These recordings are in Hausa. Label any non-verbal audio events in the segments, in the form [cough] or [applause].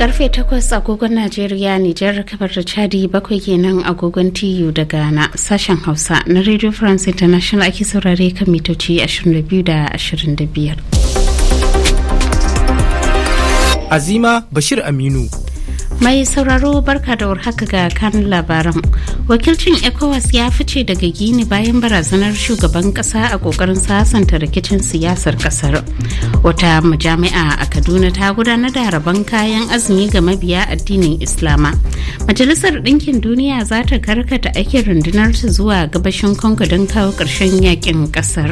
karfe 8 agogon najeriya nijar kabar da chadi bakwai kenan agogon tiyu da ghana sashen hausa na radio france international ake saurare kan mitoci 22 da 25 azima bashir aminu mai sauraro barka da warhaka ga kan labaran wakilcin ecowas ya fice daga gini bayan barazanar shugaban kasa a kokarin sasanta rikicin siyasar kasar wata majami'a a kaduna ta gudanar da rabon kayan azumi ga mabiya addinin islama majalisar ɗinkin duniya za ta karkata aikin rundunar zuwa gabashin congo don kawo ƙarshen yakin kasar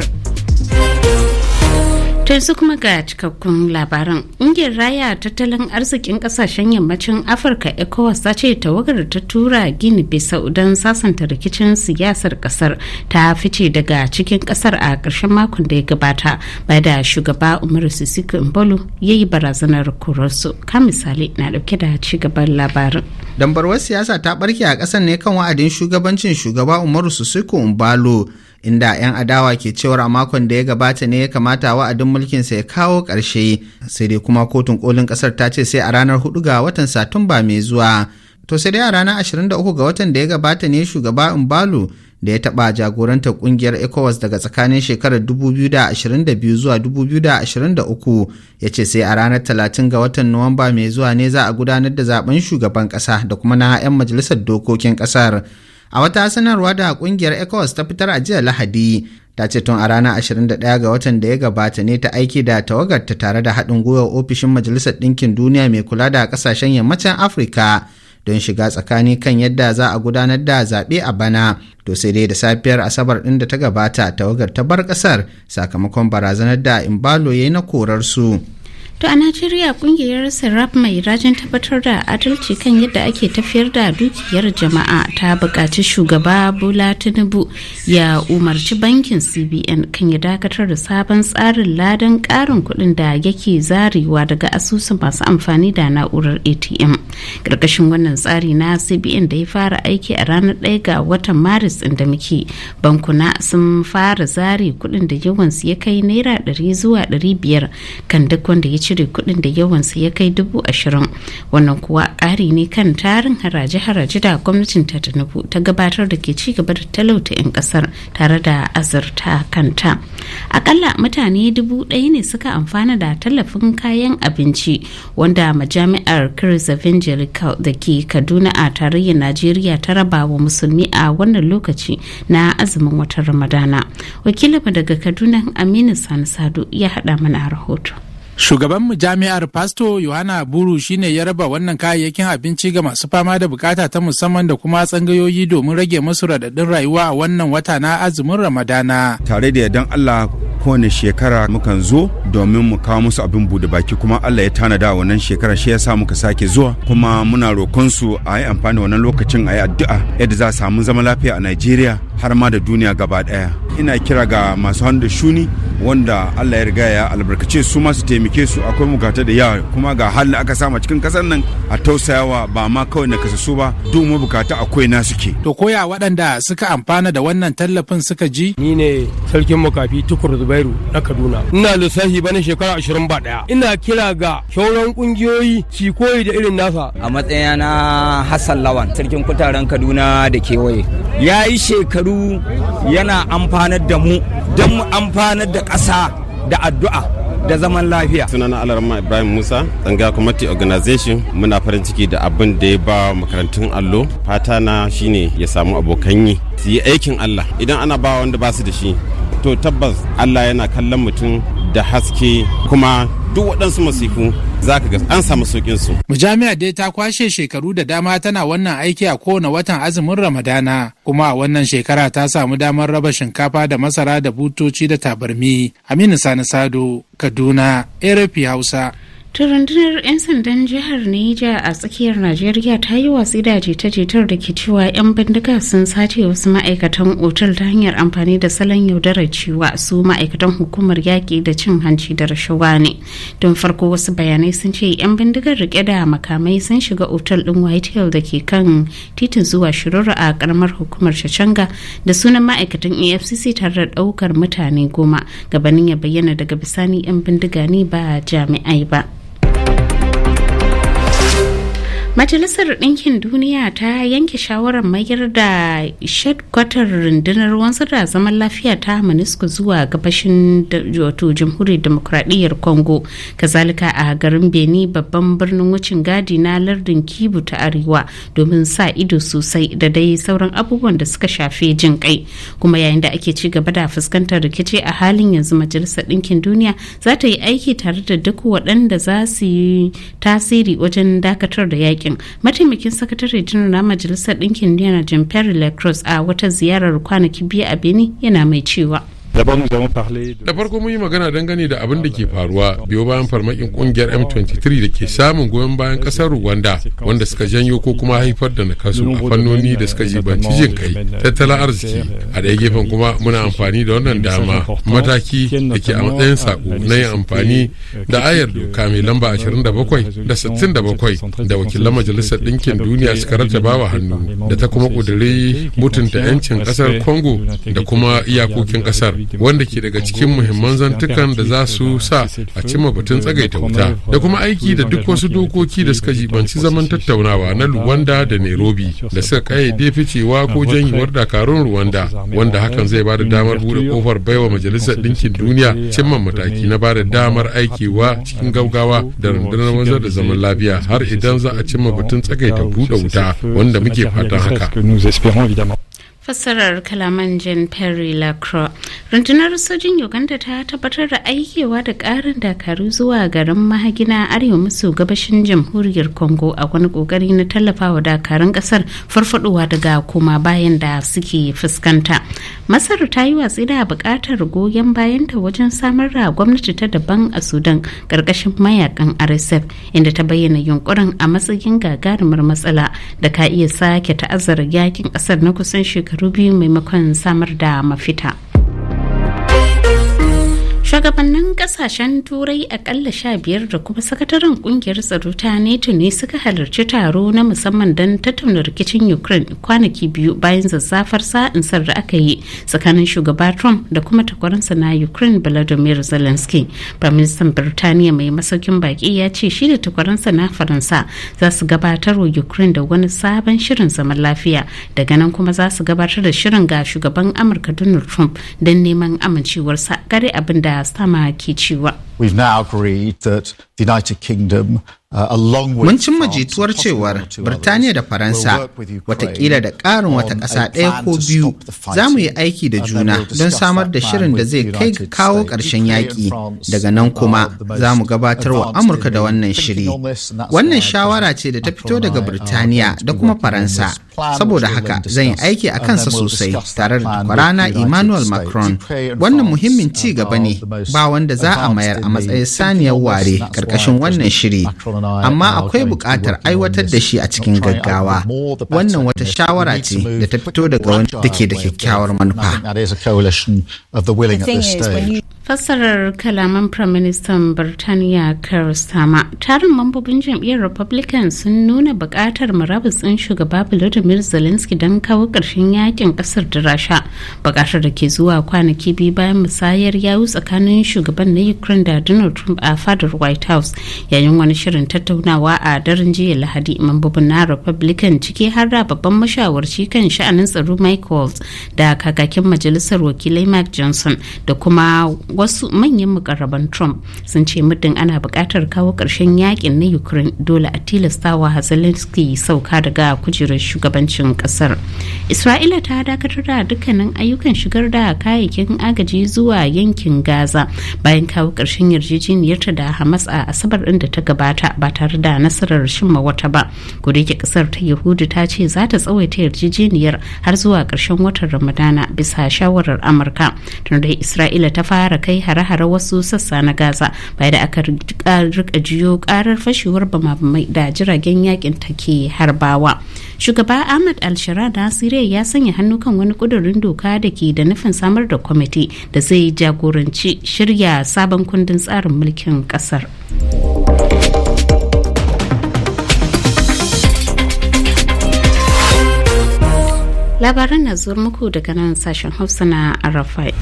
To yanzu kuma ga cikakkun labaran. Ƙungiyar raya tattalin arzikin ƙasashen yammacin Afirka ECOWAS ta ce tawagar ta tura gini bisau don sasanta rikicin siyasar ƙasar ta fice daga cikin ƙasar a karshen makon da ya gabata bai da shugaba Umar Sissoko Mbolo ya yi barazanar kurarsu. Ka misali na ɗauke da ci gaban labarin. Dambarwar siyasa ta ɓarke a ƙasar ne kan wa'adin shugabancin shugaba Umaru Sissoko Mbalo. inda 'yan adawa ke cewar a makon da ya gabata ne ya kamata wa'adin mulkin sa ya kawo ƙarshe sai dai kuma kotun kolin ƙasar ta ce sai a ranar 4 ga watan satumba mai zuwa to sai dai a ranar 23 ga watan da ya gabata ne shugaba Mbalu da ya taba jagorantar ƙungiyar ECOWAS daga tsakanin shekarar 2022 zuwa 2023 ya ce sai a ranar 30 ga watan Nuwamba mai zuwa ne za a gudanar da zaben shugaban ƙasa da kuma na 'yan majalisar dokokin ƙasar. A wata sanarwa da kungiyar ECOWAS ta fitar a jiya Lahadi, ta ce tun a ranar 21 ga watan da ya gabata ne ta aiki da tawagarta tare da haɗin gwiwar ofishin Majalisar Ɗinkin Duniya mai kula da ƙasashen yammacin Afirka. don shiga tsakani kan yadda za a gudanar da zaɓe a bana to sai dai da safiyar asabar ɗin da ta gabata tawagar ta bar ƙasar sakamakon barazanar da imbalo ya yi na korar su To a Najeriya kungiyar Sarraf mai rajin tabbatar da adalci kan yadda ake tafiyar da dukiyar jama'a ta buƙaci shugaba Bola Tinubu ya umarci bankin CBN kan ya dakatar da sabon tsarin ladan ƙarin kuɗin da yake zarewa daga asusun masu amfani da na'urar ATM. Ƙarƙashin wannan tsari na CBN da ya fara aiki a ranar ɗaya ga watan Maris ɗin da muke bankuna sun fara zare kuɗin da yawansu ya kai naira ɗari zuwa ɗari biyar kan duk wanda ya ci cire kudin da yawansa ya kai dubu ashirin wannan kuwa ƙari ne kan tarin haraje-haraje da gwamnatin ta tinubu ta gabatar da ke ci gaba da talauta 'yan kasar tare da azurta kanta akalla mutane dubu ɗaya ne suka amfana da tallafin kayan abinci wanda majami'ar Chris Evangelical da ke Kaduna a tarayyar Najeriya ta raba wa musulmi a wannan lokaci na azumin watan Ramadana. Wakilinmu daga Kaduna Aminu Sani Sadu ya haɗa mana rahoto. Shugaban jami'ar Pasto Yohana Buru shine ya raba wannan kayayyakin abinci ga masu fama da bukata ta musamman da kuma tsangayoyi domin rage musu radadin rayuwa a wannan wata na azumin Ramadana. Tare da yadan Allah kowane shekara mukan zo domin mu kawo musu abin bude baki kuma Allah ya tanada wannan shekara shi yasa muka sake zuwa kuma muna roƙon su a yi amfani wannan lokacin a yi addu'a yadda za a samu zama lafiya a Najeriya har ma da duniya gaba daya ina kira ga masu hannu da shuni wanda allah ya riga ya albarkace su masu taimake su akwai bukata da yawa kuma ga halin aka sama cikin kasar nan a tausayawa ba ma kawai na kasasu ba duk bukata akwai na suke to koya waɗanda suka amfana da wannan tallafin suka ji ni ne sarkin makafi tukur zubairu na kaduna ina lissafi ba na shekara ashirin ba ɗaya ina kira ga shauran ƙungiyoyi ci koyi da irin nasa a matsayana hassan lawan sarkin kutaren kaduna da kewaye ya yi shekaru shekaru yana amfanar da mu don mu amfanar da ƙasa da addu'a da zaman lafiya. Sunana Alarma Ibrahim Musa, tsanga kwamati organization muna farin ciki da abin da ya ba makarantun allo. Fata na shine ya samu abokan yi, su yi aikin Allah. Idan ana ba wanda ba su da shi, to tabbas Allah yana kallon mutum da haske kuma duk waɗansu masifu za ka ga an samu sauƙinsu. su. Mujami'a dai ta kwashe shekaru da dama tana wannan aiki a kowane watan azumin Ramadana kuma a wannan shekara ta samu damar raba shinkafa da masara da butoci da tabarmi. Aminu Sani Sado, Kaduna, Erefi Hausa. ta rundunar 'yan sandan jihar Neja a tsakiyar Najeriya ta yi watsi da jita-jitar da ke cewa 'yan bindiga sun sace wasu ma'aikatan otal ta hanyar amfani da salon yaudarar cewa su ma'aikatan hukumar yaƙi da cin hanci da rashawa ne. Don farko wasu bayanai sun ce 'yan bindigar rike da makamai sun shiga otal ɗin Hill da ke kan titin zuwa Shirura a karamar hukumar Shachanga da sunan ma'aikatan AFCC tare da ɗaukar mutane goma gabanin ya bayyana daga bisani 'yan bindiga ne ba jami'ai ba. Majalisar Ɗinkin Duniya ta yanke shawarar mayar da shedkwatar rundunar wanzu da zaman lafiya ta Manisku zuwa gabashin wato Jamhuriyar Demokradiyyar Congo, kazalika a garin beni babban birnin wucin gadi na lardin Kibu ta Arewa domin sa ido sosai da dai sauran abubuwan da suka shafe jin kai. Kuma yayin da ake ci gaba da fuskantar rikici a halin yanzu Majalisar Ɗinkin Duniya za ta yi aiki tare da duk waɗanda za su yi tasiri wajen dakatar da yakin mataimakin sakatare janar na majalisar ɗinkin duniya jim perry lacrosse a wata ziyarar kwanaki biyu a benin yana mai cewa Da farko mun yi magana dangane da abin da ke faruwa biyo bayan farmakin kungiyar M23 da ke samun goyon bayan kasar Rwanda wanda suka janyo ko kuma haifar da nakasu a fannoni da suka jibanci jin kai tattalin arziki a ɗaya gefen kuma muna amfani da wannan dama mataki da ke a matsayin sako na yin amfani da ayar doka mai lamba 27 da 67 da wakilan majalisar ɗinkin duniya suka rattaba wa hannu da ta kuma ƙudiri mutunta 'yancin ƙasar Congo da kuma iyakokin ƙasar wanda ke daga cikin muhimman zantukan da za su sa a cimma batun tsagaita wuta da kuma aiki da duk wasu dokoki da suka jibanci zaman tattaunawa na luwanda da nairobi da suka kayyade ficewa ko janyewar dakarun ruwanda wanda hakan zai ba da damar bude kofar baiwa majalisar ɗinkin duniya cimma mataki na ba da damar aikewa cikin gaugawa da rundunar wanzar da zaman lafiya har idan za a cimma batun tsagaita buɗe wuta wanda muke fatan haka. fassarar kalaman jan perry lacroix rundunar sojin uganda ta tabbatar da aikewa da karin dakaru zuwa garin mahagina arewa maso gabashin jamhuriyar congo a wani kokari na tallafa wa dakarun kasar farfadowa daga koma bayan da suke fuskanta masar ta yi watsi da bukatar goyon bayan ta wajen samar da gwamnati ta daban a sudan karkashin mayakan rsf inda ta bayyana yunkurin a matsayin gagarumar matsala da ka iya sake ta'azzara yakin kasar na kusan shekaru Rubin biyu maimakon samar da mafita shugabannin kasashen turai akalla sha biyar da kuma sakataren kungiyar tsaro ta neto ne suka halarci taro na musamman don tattauna rikicin ukraine kwanaki biyu bayan zazzafar sar da aka yi tsakanin shugaba trump da kuma takwaransa na ukraine volodymyr zelensky firministan birtaniya mai masaukin baki ya ce shi da takwaransa na faransa za su gabatar wa ukraine da wani sabon shirin zaman lafiya daga nan kuma za su gabatar da shirin ga shugaban amurka donald trump don neman amincewarsa kare abin da ke cewa. Uh, Mun cimma jituwar cewar Birtaniya da Faransa watakila da ƙarin wata ƙasa ɗaya ko biyu za mu yi aiki da juna don samar da shirin da zai kai kawo ƙarshen yaƙi daga nan kuma uh, za mu gabatar wa Amurka da wannan shiri. Wannan shawara ce da ta fito daga uh, Birtaniya da kuma Faransa. Saboda haka zan yi aiki a kansa sosai tare da kwarana Emmanuel Macron. Wannan muhimmin ci gaba ne ba wanda za a mayar a matsayin saniyar ware karkashin wannan shiri. Amma akwai bukatar aiwatar da shi a cikin gaggawa. Wannan wata shawara ce da ta fito daga wani da ke da kyakkyawar manufa. fassarar kalaman firaministan birtaniya Starmer tarin mambobin jam'iyyar republican sun nuna bukatar murabus ɗin shugaba volodymyr zelensky don kawo ƙarshen yakin ƙasar da rasha bukatar da ke zuwa kwanaki biyu bayan musayar yawu tsakanin shugaban na ukraine da donald trump a fadar white house yayin wani shirin tattaunawa a daren jiya lahadi mambobin na republican ciki har da babban mashawarci kan sha'anin tsaro mike da kakakin majalisar wakilai mike johnson da kuma wasu manyan mukarraban trump sun ce muddin ana buƙatar kawo ƙarshen yakin na ukraine dole a tilasta wa zelensky sauka daga kujerar shugabancin ƙasar isra'ila ta dakatar da dukkanin ayyukan shigar da kayayyakin agaji zuwa yankin gaza bayan kawo ƙarshen yarjejeniyarta da hamas a asabar ɗin da ta gabata ba tare da nasarar shimma wata ba ko ƙasar ta yahudu ta ce za ta tsawaita yarjejeniyar har zuwa ƙarshen watan ramadana bisa shawarar amurka tun da isra'ila ta fara kai hare-hare wasu sassa na gaza bai da aka rika jiyo karar fashewar bamabamai da jiragen yakin take harbawa shugaba ahmad al-shara na siriya ya sanya hannu kan wani kudurin doka da ke da nufin samar da kwamiti da zai jagoranci shirya sabon kundin tsarin mulkin kasar labaran na zuwa muku daga nan sashen hausa na arafai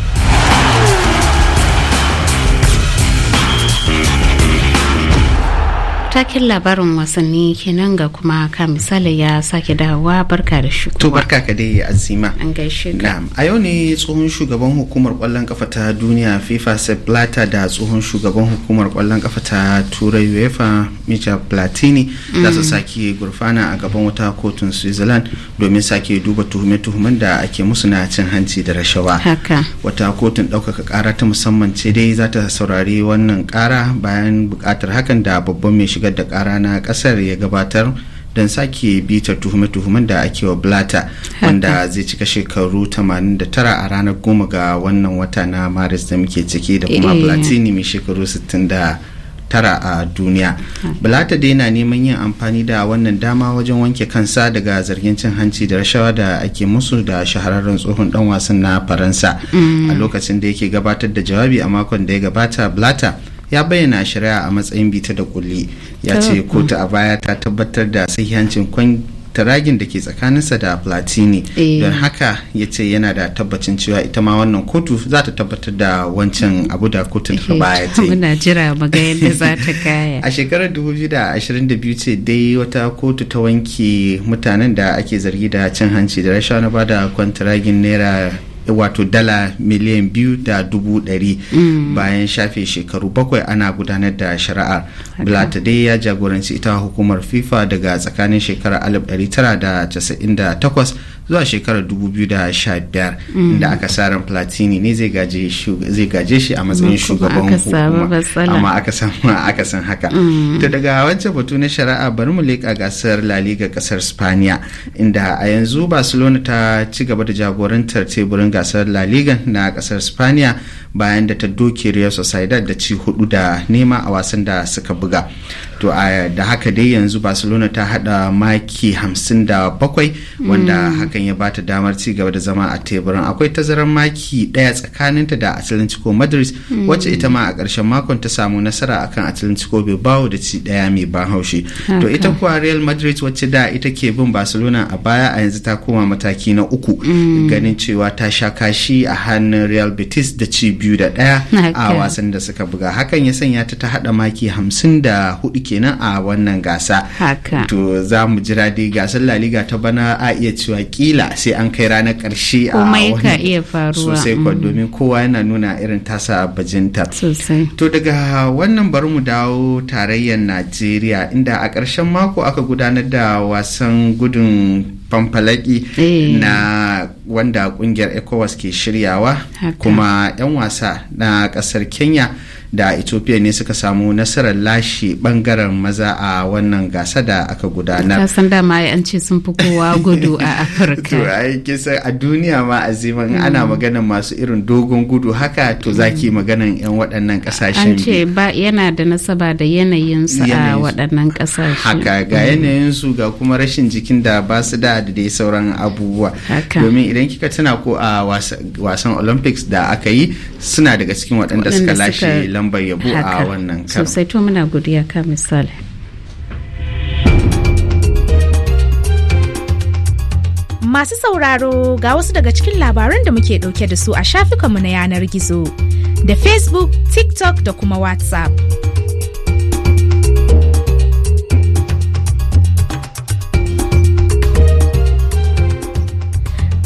takin labarin wasanni kenan ga kuma ka misali ya sake dawowa barka da shi to barka ka dai azima an gaishe ka a yau ne tsohon shugaban hukumar kwallon kafa ta duniya fifa sepp blatter da tsohon shugaban hukumar kwallon kafa ta turai uefa micha platini za su mm. sake gurfana a gaban wata kotun switzerland domin sake duba tuhume-tuhumen da ake musu na cin hanci da rashawa wata kotun ɗaukaka ƙara ta musamman ce dai za ta saurari wannan ƙara bayan buƙatar hakan da babban mai shiga shigar da kara na kasar ya gabatar don sake bitar tuhume-tuhumen da ake wa blata wanda zai cika shekaru 89 a ranar goma ga wannan wata na maris da muke ciki da kuma blatini eh. mai shekaru da tara a duniya blata dai na neman yin amfani da wannan dama wajen wanke kansa daga zargin cin hanci da rashawa da ake musu da shahararren tsohon dan wasan na faransa mm. a lokacin da yake gabatar da jawabi a makon da ya gabata blata ya bayyana shari'a a matsayin bita da kulli ya ce kotu a baya ta tabbatar da sahihancin taragin da ke tsakaninsa da platini eh. don haka ya ce yana da tabbacin cewa ita ma wannan kotu za ta tabbatar da wancan abu da kotu ta eh, baya ce muna jira maga da za ta kaya [laughs] a shekarar 2022 ce dai wata kotu ta wanke mutanen da ake zargi da cin hanci da rashawa na bada kwantaragin naira wato dala miliyan biyu da dubu ɗari mm. bayan shafe shekaru bakwai ana gudanar da shari'ar blata dai ya jagoranci ita hukumar fifa daga tsakanin shekarar 1998 zuwa shekarar 2015 inda mm. aka saran platini ne zai gaje shi a matsayin shugaban hukuma amma [laughs] aka san haka mm. to daga wancan batu na shari'a bari mu leƙa gasar la liga kasar spaniya inda a yanzu barcelona ta ci gaba da jagorantar teburin gasar la na kasar spaniya bayan da ta doke real sociedad da ci hudu da nema a wasan da suka buga to da haka dai yanzu barcelona ta hada maki 57 wanda mm. haka hakan ya bata damar ci gaba da zama a teburin akwai tazarar maki daya tsakaninta da atlantico madrid wacce ita ma a ƙarshen makon ta samu nasara akan atlantico bilbao da ci daya mai ban haushi to ita kuwa real madrid wacce da ita ke bin barcelona a baya a yanzu ta koma mataki na uku mm. ganin cewa ta sha kashi a hannun real betis da ci biyu da daya a wasan da suka buga hakan ya sanya ta ta hada maki hamsin da hudu kenan a wannan gasa to za mu jira dai gasar la liga ta bana a iya cewa ki kila sai an kai ranar karshe a wani sosai kwa mm. domin kowa yana nuna irin tasa bajinta to daga wannan bari mu dawo tarayyar najeriya inda a ƙarshen mako aka gudanar da wasan gudun fanfalaki eh. na wanda kungiyar ecowas ke shiryawa kuma 'yan wasa na kasar kenya da ethiopia ne suka samu nasarar lashe bangaren maza a wannan gasa da aka gudanar san dama an ce sun fi kowa gudu a [laughs] afirka a duniya ma aziman ana mm. maganan masu irin dogon gudu haka to zaki mm. maganan yan waɗannan kasashen an ce ba yana da nasaba da yanayin su a waɗannan kasashe haka ga mm. yanayin su ga kuma rashin jikin da ba su da da dai sauran abubuwa domin idan kika tana ko a wasan olympics da aka yi suna daga cikin waɗanda suka lashe lambar yabo a wannan kan sosai to muna godiya ka misali masu sauraro ga wasu daga cikin labaran da muke dauke da su a shafukanmu na yanar gizo da facebook tiktok da kuma whatsapp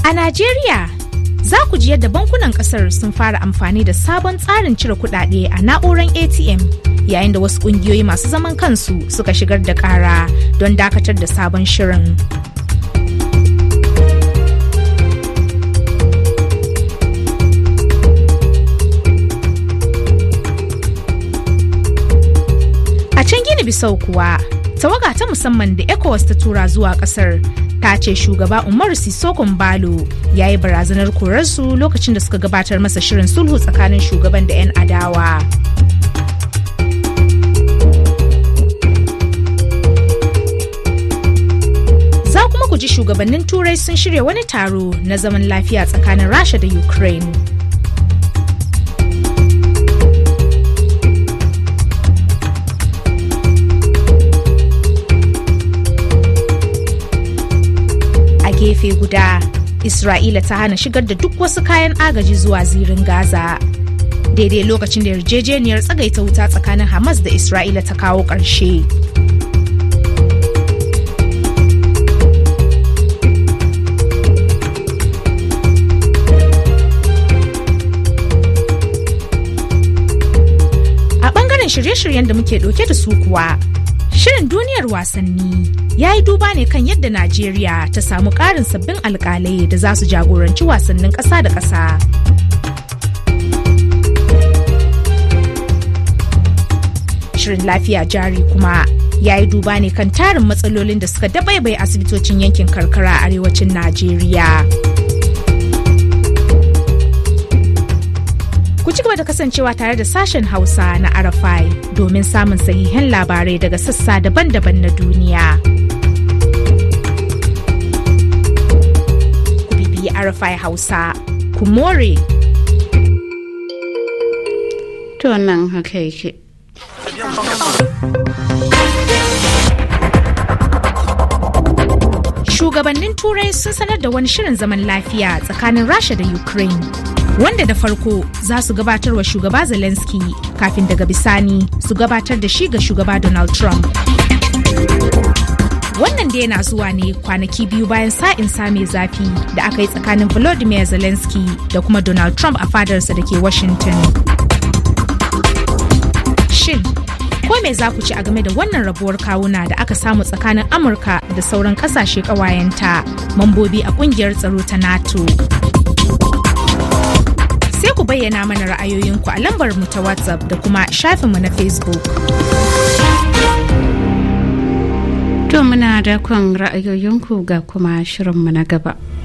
a najeriya za ku ji yadda bankunan kasar sun fara amfani da sabon tsarin cire kuɗaɗe a na'urar atm yayin da wasu ƙungiyoyi masu zaman kansu suka shigar da ƙara don dakatar da sabon shirin a can gini bisau kuwa tawaga ta musamman da ecowas ta tura zuwa kasar ta ce shugaba umaru sisokon balo ya yi barazanar korarsu lokacin da suka gabatar masa shirin sulhu tsakanin shugaban da 'yan adawa za kuma ku ji shugabannin turai sun shirya wani taro na zaman lafiya tsakanin rasha da ukraine gefe guda isra'ila ta hana shigar da duk wasu kayan agaji zuwa zirin gaza daidai lokacin da yarjejeniyar tsagaita wuta tsakanin hamas da isra'ila ta kawo ƙarshe a ɓangaren shirye-shiryen da muke ɗauke da su kuwa Shirin duniyar wasanni ya yi duba ne kan yadda Najeriya ta samu ƙarin sabbin alƙalai da za su jagoranci wasannin ƙasa da ƙasa. Shirin lafiya jari kuma ya yi duba ne kan tarin matsalolin da suka dabaibai asibitocin yankin karkara a arewacin Najeriya. Ku ci gaba da kasancewa tare da sashen Hausa na Arafai domin samun sahihan labarai daga sassa daban-daban na duniya. Ku bibiyi Arafai Hausa, ku more. Tonan Shugabannin Turai sun sanar da wani shirin zaman lafiya tsakanin Rasha da Ukraine. wanda da farko za su gabatar wa shugaba Zelensky kafin daga bisani su gabatar da shi ga shugaba Donald Trump. Wannan da yana zuwa ne kwanaki biyu bayan sa'in same zafi da aka yi tsakanin Volodymyr Zelensky da kuma Donald Trump a fadarsa da ke Washington. Shin, ko me za ku ci a game da wannan rabuwar kawuna da aka samu tsakanin Amurka da sauran kasashe ƙawayenta mambobi a ƙungiyar tsaro ta NATO? bayyana mana ra'ayoyinku a lambar mu ta WhatsApp da kuma shafinmu na Facebook. To muna dakon ra'ayoyinku ga kuma shirin mu na gaba.